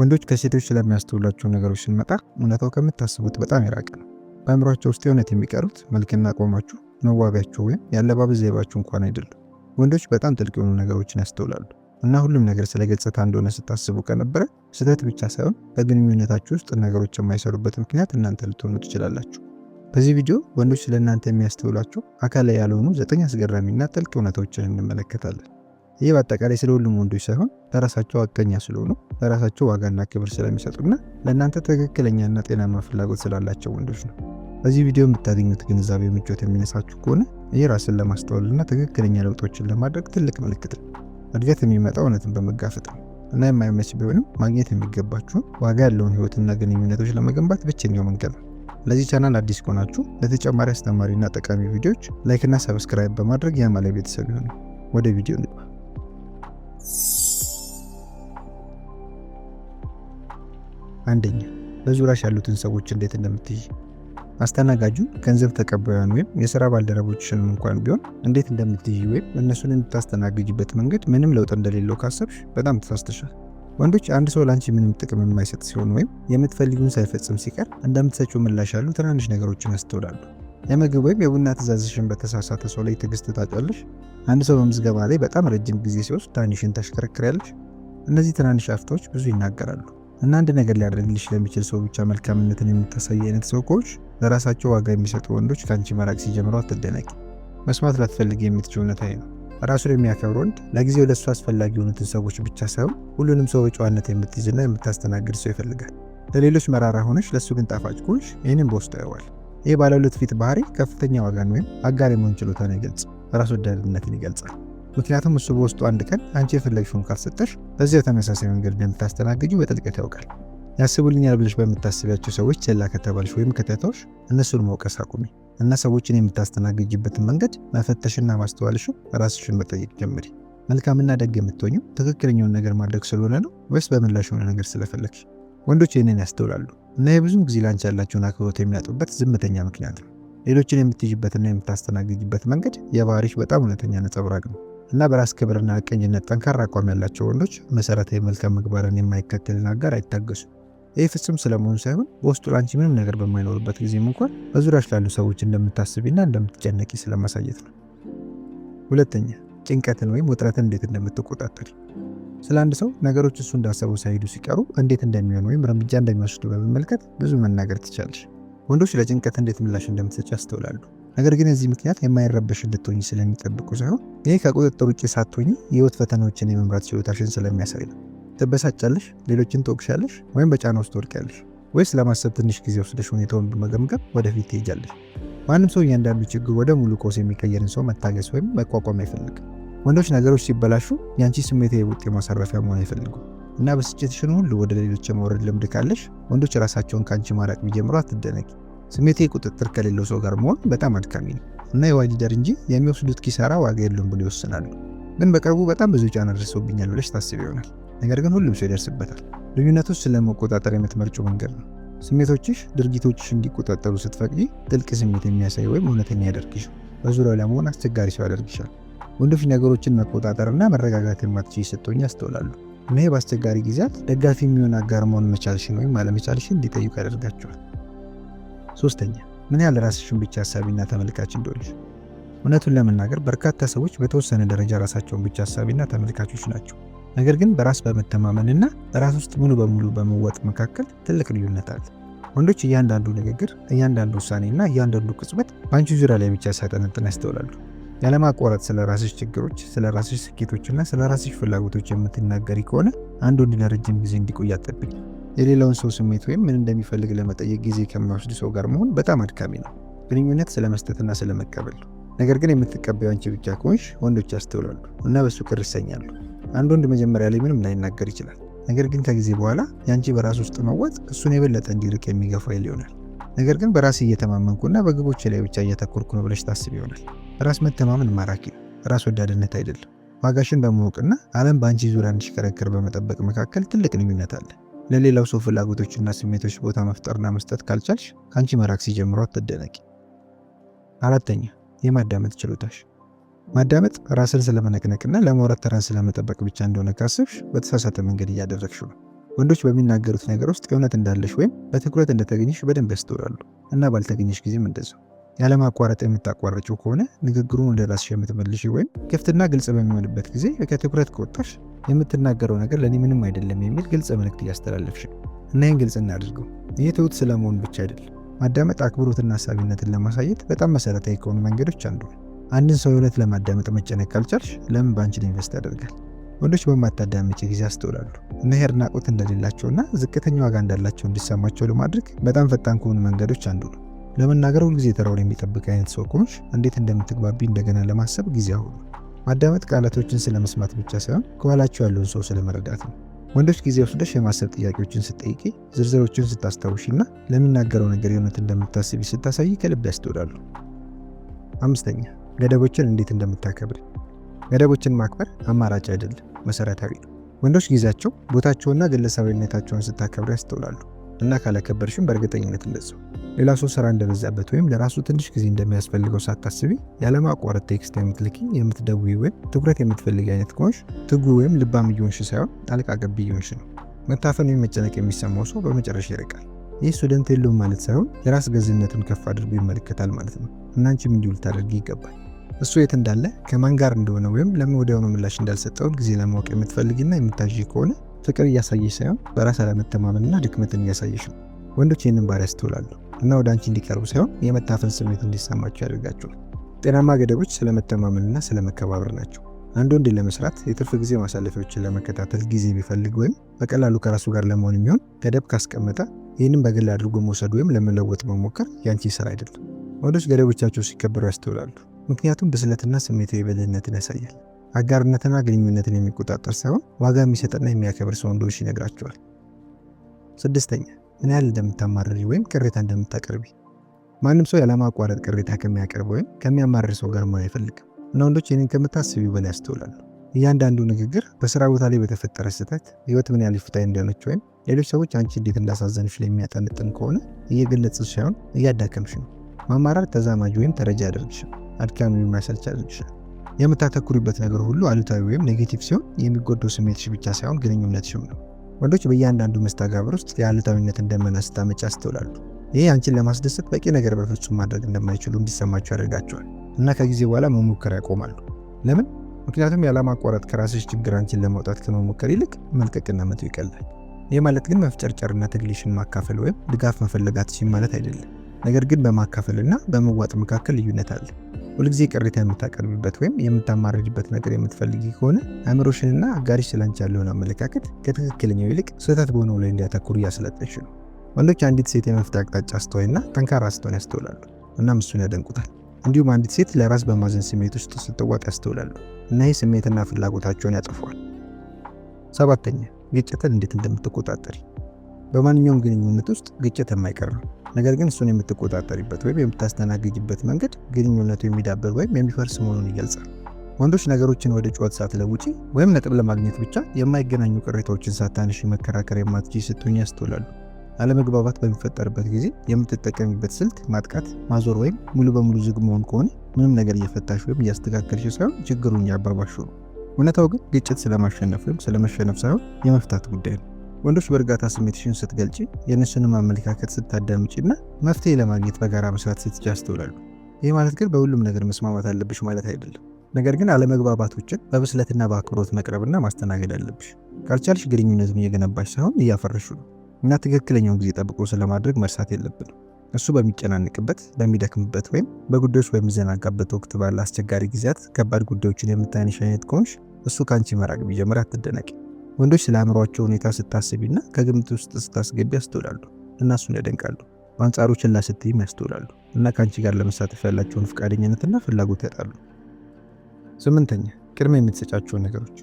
ወንዶች ከሴቶች ስለሚያስተውላቸው ነገሮች ስንመጣ እውነታው ከምታስቡት በጣም የራቀ ነው። በአእምሯቸው ውስጥ የእውነት የሚቀሩት መልክና አቋማችሁ፣ መዋቢያቸው ወይም የአለባበስ ዘይቤያችሁ እንኳን አይደሉም። ወንዶች በጣም ጥልቅ የሆኑ ነገሮችን ያስተውላሉ እና ሁሉም ነገር ስለ ገጽታ እንደሆነ ስታስቡ ከነበረ ስህተት ብቻ ሳይሆን በግንኙነታችሁ ውስጥ ነገሮች የማይሰሩበት ምክንያት እናንተ ልትሆኑ ትችላላችሁ። በዚህ ቪዲዮ ወንዶች ስለ እናንተ አካል አካላዊ ያልሆኑ ዘጠኝ አስገራሚና ጥልቅ እውነቶችን እንመለከታለን። ይህ በአጠቃላይ ስለ ሁሉም ወንዶች ሳይሆን ለራሳቸው አቀኛ ስለሆኑ ለራሳቸው ዋጋና ክብር ስለሚሰጡና ለእናንተ ትክክለኛና ጤናማ ፍላጎት ስላላቸው ወንዶች ነው። በዚህ ቪዲዮ የምታገኙት ግንዛቤ ምቾት የሚነሳችሁ ከሆነ ይህ ራስን ለማስተዋልና ትክክለኛ ለውጦችን ለማድረግ ትልቅ ምልክት ነው። እድገት የሚመጣው እውነትን በመጋፈጥ ነው እና የማይመች ቢሆንም ማግኘት የሚገባችሁን ዋጋ ያለውን ህይወትና ግንኙነቶች ለመገንባት ብቸኛው መንገድ ነው። ለዚህ ቻናል አዲስ ከሆናችሁ ለተጨማሪ አስተማሪና ጠቃሚ ቪዲዮዎች ላይክና ሰብስክራይብ በማድረግ የማላይ ቤተሰብ ይሆኑ። ወደ ቪዲዮ አንደኛ በዙሪያሽ ያሉትን ሰዎች እንዴት እንደምትይ አስተናጋጁ ገንዘብ ተቀባዩን ወይም የሥራ ባልደረቦችን እንኳን ቢሆን እንዴት እንደምትይ ወይም እነሱን የምታስተናግጅበት መንገድ ምንም ለውጥ እንደሌለው ካሰብሽ በጣም ተሳስተሻል። ወንዶች አንድ ሰው ላንቺ ምንም ጥቅም የማይሰጥ ሲሆን ወይም የምትፈልጉን ሳይፈጽም ሲቀር እንደምትሰጪው ምላሽ ያሉ ትናንሽ ነገሮችን ያስተውላሉ። የምግብ ወይም የቡና ትእዛዝሽን በተሳሳተ ሰው ላይ ትዕግስት ታጫለሽ፣ አንድ ሰው በምዝገባ ላይ በጣም ረጅም ጊዜ ሲወስድ ትንሽን ታሽከረክሪያለሽ። እነዚህ ትናንሽ አፍታዎች ብዙ ይናገራሉ እና አንድ ነገር ሊያደርግልሽ ለሚችል ሰው ብቻ መልካምነትን የምታሳይ አይነት ሰው ከሆንሽ ለራሳቸው ዋጋ የሚሰጡ ወንዶች ከአንቺ መራቅ ሲጀምሩ አትደነቂ። መስማት ላትፈልግ የምትችል አይ ነው። ራሱን የሚያከብር ወንድ ለጊዜው ለእሱ አስፈላጊ የሆኑትን ሰዎች ብቻ ሳይሆን ሁሉንም ሰው በጨዋነት የምትይዝና የምታስተናግድ ሰው ይፈልጋል። ለሌሎች መራራ ሆነች፣ ለእሱ ግን ጣፋጭ ከሆንሽ ይህንን በውስጡ ያየዋል። ይህ ባለ ሁለት ፊት ባህሪ ከፍተኛ ዋጋን ወይም አጋር የመሆን ችሎታን ይገልጽ ራስ ወዳድነትን ይገልጻል። ምክንያቱም እሱ በውስጡ አንድ ቀን አንቺ የፈለግሽውን ካልሰጠሽ በዚያው ተመሳሳይ መንገድ እንደምታስተናግጁ በጥልቀት ያውቃል። ያስቡልኛል ብለሽ በምታስቢያቸው ሰዎች ችላ ከተባልሽ ወይም ከተተውሽ እነሱን መውቀስ አቁሚ እና ሰዎችን የምታስተናግጅበትን መንገድ መፈተሽና ማስተዋልሹ ራስሽን መጠየቅ ጀምሪ። መልካምና ደግ የምትሆኙ ትክክለኛውን ነገር ማድረግ ስለሆነ ነው ወይስ በምላሽ የሆነ ነገር ስለፈለግሽ? ወንዶች ይህንን ያስተውላሉ እና የብዙም ጊዜ ላንቺ ያላቸውን አክብሮት የሚያጡበት ዝምተኛ ምክንያት ነው። ሌሎችን የምትይዥበትና የምታስተናግጅበት መንገድ የባህሪሽ በጣም እውነተኛ ነጸብራቅ ነው እና በራስ ክብርና ሐቀኝነት ጠንካራ አቋም ያላቸው ወንዶች መሰረታዊ መልካም ምግባርን የማይከተልን አጋር አይታገሱም። ይህ ፍጹም ስለመሆን ሳይሆን በውስጡ ላንቺ ምንም ነገር በማይኖርበት ጊዜም እንኳን በዙሪያች ላሉ ሰዎች እንደምታስቢና እንደምትጨነቂ ስለማሳየት ነው። ሁለተኛ፣ ጭንቀትን ወይም ውጥረትን እንዴት እንደምትቆጣጠሪ። ስለ አንድ ሰው ነገሮች እሱ እንዳሰበው ሳይሄዱ ሲቀሩ እንዴት እንደሚሆን ወይም እርምጃ እንደሚወስዱ በመመልከት ብዙ መናገር ትቻለሽ። ወንዶች ለጭንቀት እንዴት ምላሽ እንደምትሰጭ ያስተውላሉ። ነገር ግን እዚህ ምክንያት የማይረበሽ እንድትሆኝ ስለሚጠብቁ ሳይሆን ይህ ከቁጥጥር ውጭ ሳትሆኝ የህይወት ፈተናዎችን የመምራት ችሎታሽን ስለሚያሳይ ነው። ትበሳጫለሽ፣ ሌሎችን ትወቅሻለሽ፣ ወይም በጫና ውስጥ ትወድቂያለሽ? ወይስ ለማሰብ ትንሽ ጊዜ ወስደሽ ሁኔታውን በመገምገም ወደፊት ትሄጃለሽ? ማንም ሰው እያንዳንዱ ችግር ወደ ሙሉ ቆስ የሚቀየርን ሰው መታገስ ወይም መቋቋም አይፈልግም። ወንዶች ነገሮች ሲበላሹ የአንቺ ስሜት የቡጥ ማሳረፊያ መሆን አይፈልጉም። እና ብስጭትሽን ሁሉ ወደ ሌሎች የማውረድ ልምድ ካለሽ ወንዶች ራሳቸውን ከአንቺ ማራቅ ቢጀምሩ አትደነቂ። ስሜቴ ቁጥጥር ከሌለው ሰው ጋር መሆን በጣም አድካሚ ነው እና የዋጅደር እንጂ የሚወስዱት ኪሳራ ዋጋ የለውም ብሎ ይወስናሉ። ግን በቅርቡ በጣም ብዙ ጫና ደርሶብኛል ብለሽ ታስብ ይሆናል። ነገር ግን ሁሉም ሰው ይደርስበታል። ልዩነቱ ስለመቆጣጠር የምትመርጪው መንገድ ነው። ስሜቶችሽ ድርጊቶችሽ እንዲቆጣጠሩ ስትፈቅጂ ጥልቅ ስሜት የሚያሳይ ወይም እውነተኛ ያደርግሽ በዙሪያው ለመሆን አስቸጋሪ ሰው ያደርግሻል። ወንዶች ነገሮችን መቆጣጠርና መረጋጋት የማትችይ ስትሆኝ ያስተውላሉ። እና ይሄ በአስቸጋሪ ጊዜያት ደጋፊ የሚሆን አጋር መሆን መቻልሽን ወይም አለመቻልሽን እንዲጠይቁ ያደርጋቸዋል። ሶስተኛ ምን ያህል ራስሽን ብቻ አሳቢና ተመልካች እንደሆንሽ። እውነቱን ለመናገር በርካታ ሰዎች በተወሰነ ደረጃ ራሳቸውን ብቻ አሳቢና ተመልካቾች ናቸው። ነገር ግን በራስ በመተማመንና በራስ ውስጥ ሙሉ በሙሉ በመወጥ መካከል ትልቅ ልዩነት አለ። ወንዶች እያንዳንዱ ንግግር፣ እያንዳንዱ ውሳኔና እያንዳንዱ ቅጽበት በአንቺ ዙሪያ ላይ ብቻ ሳይጠነጥን ያስተውላሉ። ያለማቋረጥ ስለ ራስሽ ችግሮች፣ ስለ ራስሽ ስኬቶችና ስለ ራስሽ ፍላጎቶች የምትናገሪ ከሆነ አንድ ወንድ ለረጅም ጊዜ እንዲቆይ አጠብቂ። የሌላውን ሰው ስሜት ወይም ምን እንደሚፈልግ ለመጠየቅ ጊዜ ከሚወስድ ሰው ጋር መሆን በጣም አድካሚ ነው። ግንኙነት ስለ መስጠትና ስለ መቀበል ነው። ነገር ግን የምትቀበዩ አንቺ ብቻ ከሆንሽ ወንዶች ያስተውላሉ እና በሱ ቅር ይሰኛሉ። አንድ ወንድ መጀመሪያ ላይ ምንም ላይናገር ይችላል። ነገር ግን ከጊዜ በኋላ የአንቺ በራስ ውስጥ መዋጥ እሱን የበለጠ እንዲርቅ የሚገፋ ይል ይሆናል። ነገር ግን በራስ እየተማመንኩና በግቦች ላይ ብቻ እያተኮርኩ ነው ብለሽ ታስብ ይሆናል። ራስ መተማመን ማራኪ ነው፣ ራስ ወዳድነት አይደለም። ዋጋሽን በማወቅና ዓለም በአንቺ ዙሪያ እንዲሽከረከር በመጠበቅ መካከል ትልቅ ልዩነት አለ። ለሌላው ሰው ፍላጎቶችና ስሜቶች ቦታ መፍጠርና መስጠት ካልቻልሽ ከአንቺ መራቅ ሲጀምሩ አትደነቂ። አራተኛ የማዳመጥ ችሎታሽ። ማዳመጥ ራስን ስለመነቅነቅና ለማውራት ተራን ስለመጠበቅ ብቻ እንደሆነ ካስብሽ በተሳሳተ መንገድ እያደረግሽ ነው። ወንዶች በሚናገሩት ነገር ውስጥ እውነት እንዳለሽ ወይም በትኩረት እንደተገኘሽ በደንብ ያስተውላሉ እና ባልተገኘሽ ጊዜም እንደዚሁ። ያለማቋረጥ የምታቋረጭው ከሆነ ንግግሩን ወደ ራስሽ የምትመልሽ ወይም ክፍትና ግልጽ በሚሆንበት ጊዜ ከትኩረት ከወጣሽ የምትናገረው ነገር ለእኔ ምንም አይደለም የሚል ግልጽ መልእክት እያስተላለፍሽ እና ይህን ግልጽ እናድርገው። ይህ ትሁት ስለመሆን ብቻ አይደለም። ማዳመጥ አክብሮትና አሳቢነትን ለማሳየት በጣም መሰረታዊ ከሆኑ መንገዶች አንዱ። አንድን ሰው እውነት ለማዳመጥ መጨነቅ ካልቻልሽ ለምን በአንቺ ኢንቨስት ያደርጋል? ወንዶች በማታዳምጭ ጊዜ ያስተውላሉ እና አድናቆት እንደሌላቸውና ዝቅተኛ ዋጋ እንዳላቸው እንዲሰማቸው ለማድረግ በጣም ፈጣን ከሆኑ መንገዶች አንዱ ነው። ለመናገር ሁልጊዜ ተራውን የሚጠብቅ አይነት ሰው ከሆንሽ እንዴት እንደምትግባቢ እንደገና ለማሰብ ጊዜ አሁኑ። ማዳመጥ ቃላቶችን ስለመስማት ብቻ ሳይሆን ከኋላቸው ያለውን ሰው ስለመረዳት ነው። ወንዶች ጊዜ ወስደሽ የማሰብ ጥያቄዎችን ስጠይቂ፣ ዝርዝሮችን እና ለሚናገረው ነገር የእውነት እንደምታስቢ ስታሳይ ከልብ ያስተውላሉ። አምስተኛ ገደቦችን እንዴት እንደምታከብር ገደቦችን ማክበር አማራጭ አይደለም መሰረታዊ ነው። ወንዶች ጊዜያቸው ቦታቸውና ግለሰባዊነታቸውን ስታከብሩ ያስተውላሉ እና ካላከበርሽም በእርግጠኝነት እንደዚሁ። ሌላ ሰው ስራ እንደበዛበት ወይም ለራሱ ትንሽ ጊዜ እንደሚያስፈልገው ሳታስቢ ያለማቋረጥ ቴክስት የምትልኪ የምትደውይ፣ ወይም ትኩረት የምትፈልግ አይነት ከሆንሽ ትጉ ወይም ልባም እየሆንሽ ሳይሆን አልቃ ገብ እየሆንሽ ነው። መታፈን ወይም መጨነቅ የሚሰማው ሰው በመጨረሻ ይርቃል። ይህ ስቱደንት የለውም ማለት ሳይሆን የራስ ገዝነትን ከፍ አድርጎ ይመለከታል ማለት ነው። እናንቺም እንዲሁ ልታደርጊ ይገባል። እሱ የት እንዳለ ከማን ጋር እንደሆነ ወይም ለምን ወዲያውኑ ምላሽ እንዳልሰጠው ጊዜ ለማወቅ የምትፈልግና የምታዥ ከሆነ ፍቅር እያሳየሽ ሳይሆን በራስ አለመተማመንና ድክመትን እያሳየሽ ነው። ወንዶች ይህንን ባህሪ ያስተውላሉ እና ወደ አንቺ እንዲቀርቡ ሳይሆን የመታፈን ስሜት እንዲሰማቸው ያደርጋቸዋል። ጤናማ ገደቦች ስለመተማመንና ስለመከባበር ናቸው። አንድ ወንድ ለመስራት የትርፍ ጊዜ ማሳለፊያዎችን ለመከታተል ጊዜ ቢፈልግ ወይም በቀላሉ ከራሱ ጋር ለመሆን የሚሆን ገደብ ካስቀመጠ ይህንም በግል አድርጎ መውሰድ ወይም ለመለወጥ መሞከር የአንቺ ስራ አይደለም። ወንዶች ገደቦቻቸው ሲከበሩ ያስተውላሉ። ምክንያቱም ብስለትና ስሜታዊ የበልህነትን ያሳያል። አጋርነትና ግንኙነትን የሚቆጣጠር ሳይሆን ዋጋ የሚሰጥና የሚያከብር ሰው እንደሆንሽ ይነግራቸዋል። ስድስተኛ ምን ያህል እንደምታማርሪ ወይም ቅሬታ እንደምታቀርቢ። ማንም ሰው ያለማቋረጥ ቅሬታ ከሚያቀርብ ወይም ከሚያማርር ሰው ጋር መሆን አይፈልግም እና ወንዶች ይህንን ከምታስቢው በላይ ያስተውላሉ። እያንዳንዱ ንግግር በስራ ቦታ ላይ በተፈጠረ ስህተት ህይወት ምን ያህል ፍታዊ እንደሆነች ወይም ሌሎች ሰዎች አንቺ እንዴት እንዳሳዘንሽ የሚያጠንጥን ከሆነ እየገለጽሽ ሳይሆን እያዳከምሽ ነው። ማማራር ተዛማጅ ወይም ተረጃ ያደርግሽም። አድካሚ የሚያሰልች የምታተኩሪበት ነገር ሁሉ አሉታዊ ወይም ኔጌቲቭ ሲሆን የሚጎዳው ስሜትሽ ብቻ ሳይሆን ግንኙነትሽም ነው። ወንዶች በእያንዳንዱ መስተጋብር ውስጥ የአሉታዊነትን ደመና ስታመጪ አስተውላሉ። ይህ አንቺን ለማስደሰት በቂ ነገር በፍጹም ማድረግ እንደማይችሉ እንዲሰማቸው ያደርጋቸዋል እና ከጊዜ በኋላ መሞከር ያቆማሉ። ለምን? ምክንያቱም ያለማቋረጥ ከራስሽ ችግር አንቺን ለማውጣት ከመሞከር ይልቅ መልቀቅና መተው ይቀላል። ይህ ማለት ግን መፍጨርጨርና ትግልሽን ማካፈል ወይም ድጋፍ መፈለጋትሽን ማለት አይደለም። ነገር ግን በማካፈልና በመዋጥ መካከል ልዩነት አለ። ሁልጊዜ ቅሬታ የምታቀርብበት ወይም የምታማርጅበት ነገር የምትፈልጊ ከሆነ አእምሮሽንና አጋሪሽ ስላንቺ ያለውን አመለካከት ከትክክለኛው ይልቅ ስህተት በሆነው ላይ እንዲያተኩሩ እያሰለጠንሽ ነው። ወንዶች አንዲት ሴት የመፍትሄ አቅጣጫ አስተዋይና ጠንካራ ስትሆን ያስተውላሉ፣ እናም እሱን ያደንቁታል። እንዲሁም አንዲት ሴት ለራስ በማዘን ስሜት ውስጥ ስትዋጥ ያስተውላሉ እና ይህ ስሜትና ፍላጎታቸውን ያጠፏል። ሰባተኛ ግጭትን እንዴት እንደምትቆጣጠሪ። በማንኛውም ግንኙነት ውስጥ ግጭት የማይቀር ነው። ነገር ግን እሱን የምትቆጣጠሪበት ወይም የምታስተናግጅበት መንገድ ግንኙነቱ የሚዳበር ወይም የሚፈርስ መሆኑን ይገልጻል። ወንዶች ነገሮችን ወደ ሳት ሳትለውጪ ወይም ነጥብ ለማግኘት ብቻ የማይገናኙ ቅሬታዎችን ሳታነሽ መከራከር የማትች ስትሆኝ ያስተውላሉ። አለመግባባት በሚፈጠርበት ጊዜ የምትጠቀሚበት ስልት ማጥቃት፣ ማዞር ወይም ሙሉ በሙሉ ዝግ መሆን ከሆነ ምንም ነገር እየፈታሽ ወይም እያስተካከልሽ ሳይሆን ችግሩን እያባባሹ ነው። እውነታው ግን ግጭት ስለማሸነፍ ወይም ስለመሸነፍ ሳይሆን የመፍታት ጉዳይ ነው። ወንዶች በእርጋታ ስሜትሽን ስትገልጪ፣ የእነሱንም አመለካከት ስታዳምጪና መፍትሄ ለማግኘት በጋራ መስራት ስትች ያስተውላሉ። ይህ ማለት ግን በሁሉም ነገር መስማማት አለብሽ ማለት አይደለም። ነገር ግን አለመግባባቶችን በብስለትና በአክብሮት መቅረብና ማስተናገድ አለብሽ። ካልቻልሽ ግንኙነትን እየገነባሽ ሳይሆን እያፈረሹ ነው እና ትክክለኛውን ጊዜ ጠብቆ ስለማድረግ መርሳት የለብንም። እሱ በሚጨናንቅበት በሚደክምበት ወይም በጉዳዮች በሚዘናጋበት ወቅት ባለ አስቸጋሪ ጊዜያት ከባድ ጉዳዮችን የምታነሺ አይነት ከሆንሽ እሱ ከአንቺ መራቅ ቢጀምር አትደነቂ። ወንዶች ስለ አእምሯቸው ሁኔታ ስታስቢና ከግምት ውስጥ ስታስገቢ ያስተውላሉ እና እሱን ያደንቃሉ። በአንጻሩ ችላ ስትይም ያስተውላሉ እና ከአንቺ ጋር ለመሳተፍ ያላቸውን ፈቃደኝነትና ፍላጎት ያጣሉ። ስምንተኛ ቅድሚያ የምትሰጫቸውን ነገሮች።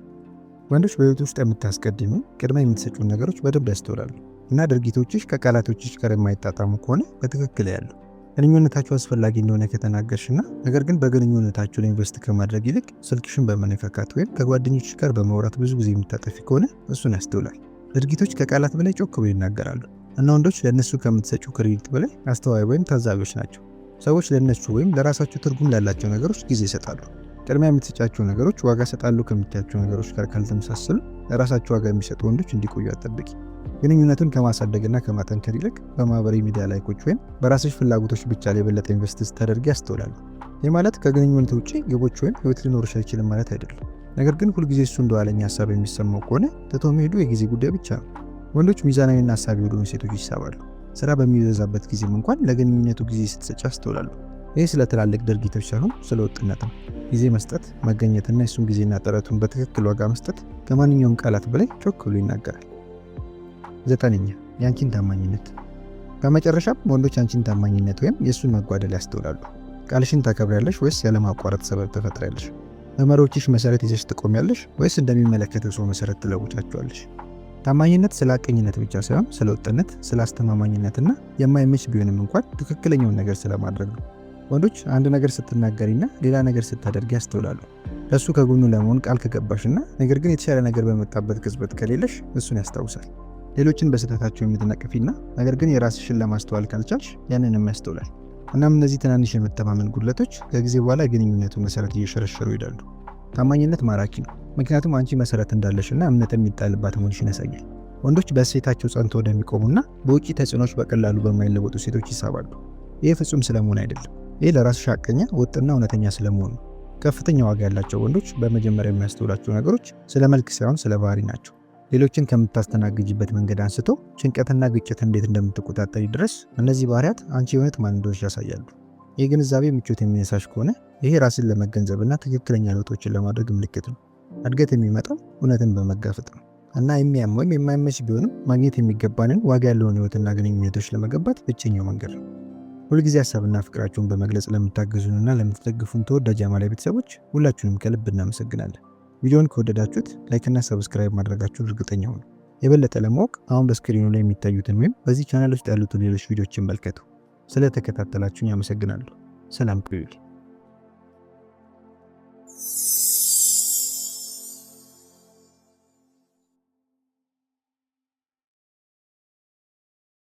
ወንዶች በቤት ውስጥ የምታስቀድሙ ቅድሚያ የምትሰጩን ነገሮች በደንብ ያስተውላሉ እና ድርጊቶችሽ ከቃላቶችሽ ጋር የማይጣጣሙ ከሆነ በትክክል ያለው ግንኙነታችሁ አስፈላጊ እንደሆነ ከተናገርሽና ነገር ግን በግንኙነታችሁ ላይ ኢንቨስት ከማድረግ ይልቅ ስልክሽን በመነካካት ወይም ከጓደኞች ጋር በማውራት ብዙ ጊዜ የምታጠፊ ከሆነ እሱን ያስተውላል። ድርጊቶች ከቃላት በላይ ጮክ ይናገራሉ እና ወንዶች ለእነሱ ከምትሰጩ ክሬዲት በላይ አስተዋይ ወይም ታዛቢዎች ናቸው። ሰዎች ለእነሱ ወይም ለራሳቸው ትርጉም ላላቸው ነገሮች ጊዜ ይሰጣሉ። ቅድሚያ የምትሰጫቸው ነገሮች ዋጋ ሰጣሉ ከምትያቸው ነገሮች ጋር ካልተመሳሰሉ ለራሳቸው ዋጋ የሚሰጡ ወንዶች እንዲቆዩ አጠብቂ። ግንኙነቱን ከማሳደግና ከማጠንከር ይልቅ በማህበራዊ ሚዲያ ላይኮች ወይም በራስሽ ፍላጎቶች ብቻ ላይ የበለጠ ኢንቨስት ስታደርጊ ያስተውላሉ። ይህ ማለት ከግንኙነት ውጭ ግቦች ወይም ህይወት ሊኖርሽ አይችልም ማለት አይደለም። ነገር ግን ሁልጊዜ እሱ እንደዋለኛ ሀሳብ የሚሰማው ከሆነ ትቶ መሄዱ የጊዜ ጉዳይ ብቻ ነው። ወንዶች ሚዛናዊና ሀሳቢ የሆኑ ሴቶች ይሳባሉ። ስራ በሚበዛበት ጊዜም እንኳን ለግንኙነቱ ጊዜ ስትሰጭ ያስተውላሉ። ይህ ስለ ትላልቅ ድርጊቶች ሳይሆን ስለ ወጥነት ነው። ጊዜ መስጠት መገኘትና የሱን ጊዜና ጥረቱን በትክክል ዋጋ መስጠት ከማንኛውም ቃላት በላይ ጮክ ብሎ ይናገራል። ዘጠነኛ የአንቺን ታማኝነት በመጨረሻም ወንዶች አንቺን ታማኝነት ወይም የእሱን መጓደል ያስተውላሉ። ቃልሽን ታከብሪያለሽ ወይስ ያለማቋረጥ ሰበብ ተፈጥሪያለሽ? በመሪዎችሽ መሰረት ይዘሽ ትቆሚያለሽ ወይስ እንደሚመለከተው ሰው መሰረት ትለውጫቸዋለሽ? ታማኝነት ስለ አቀኝነት ብቻ ሳይሆን ስለ ወጥነት፣ ስለ አስተማማኝነትና የማይመች ቢሆንም እንኳን ትክክለኛውን ነገር ስለማድረግ ነው። ወንዶች አንድ ነገር ስትናገሪና ሌላ ነገር ስታደርግ ያስተውላሉ። ለእሱ ከጎኑ ለመሆን ቃል ከገባሽና ነገር ግን የተሻለ ነገር በመጣበት ቅጽበት ከሌለሽ እሱን ያስታውሳል። ሌሎችን በስህተታቸው የምትነቅፊና ነገር ግን የራስሽን ለማስተዋል ካልቻልሽ ያንን የሚያስተውላል። እናም እነዚህ ትናንሽ የመተማመን ጉድለቶች ከጊዜ በኋላ ግንኙነቱን መሰረት እየሸረሸሩ ይሄዳሉ። ታማኝነት ማራኪ ነው፣ ምክንያቱም አንቺ መሰረት እንዳለሽና እምነት የሚጣልባት መሆንሽን ያሳያል። ወንዶች በሴታቸው ጸንቶ ወደሚቆሙና በውጭ ተጽዕኖች በቀላሉ በማይለወጡ ሴቶች ይሳባሉ። ይህ ፍጹም ስለመሆን አይደለም። ይህ ለራስሽ ሐቀኛ፣ ወጥና እውነተኛ ስለመሆኑ። ከፍተኛ ዋጋ ያላቸው ወንዶች በመጀመሪያ የሚያስተውላቸው ነገሮች ስለ መልክ ሳይሆን ስለ ባህሪ ናቸው። ሌሎችን ከምታስተናግጅበት መንገድ አንስቶ ጭንቀትና ግጭት እንዴት እንደምትቆጣጠሪ ድረስ እነዚህ ባህሪያት አንቺ የእውነት ማን እንደሆንሽ ያሳያሉ። ይህ ግንዛቤ ምቾት የሚነሳሽ ከሆነ ይሄ ራስን ለመገንዘብና ትክክለኛ ለውጦችን ለማድረግ ምልክት ነው። እድገት የሚመጣው እውነትን በመጋፈጥ ነው እና የሚያም ወይም የማይመች ቢሆንም ማግኘት የሚገባንን ዋጋ ያለውን ህይወትና ግንኙነቶች ለመገንባት ብቸኛው መንገድ ነው። ሁልጊዜ ሀሳብና ፍቅራችሁን በመግለጽ ለምታግዙንና ለምትደግፉን ተወዳጅ አማላይ ቤተሰቦች ሁላችሁንም ከልብ እናመሰግናለን። ቪዲዮን ከወደዳችሁት ላይክና ሰብስክራይብ ማድረጋችሁ እርግጠኛ ሁኑ። የበለጠ ለማወቅ አሁን በስክሪኑ ላይ የሚታዩትን ወይም በዚህ ቻናል ውስጥ ያሉትን ሌሎች ቪዲዮዎችን መልከቱ። ስለተከታተላችሁን ያመሰግናለሁ። ሰላም ቆዩልኝ።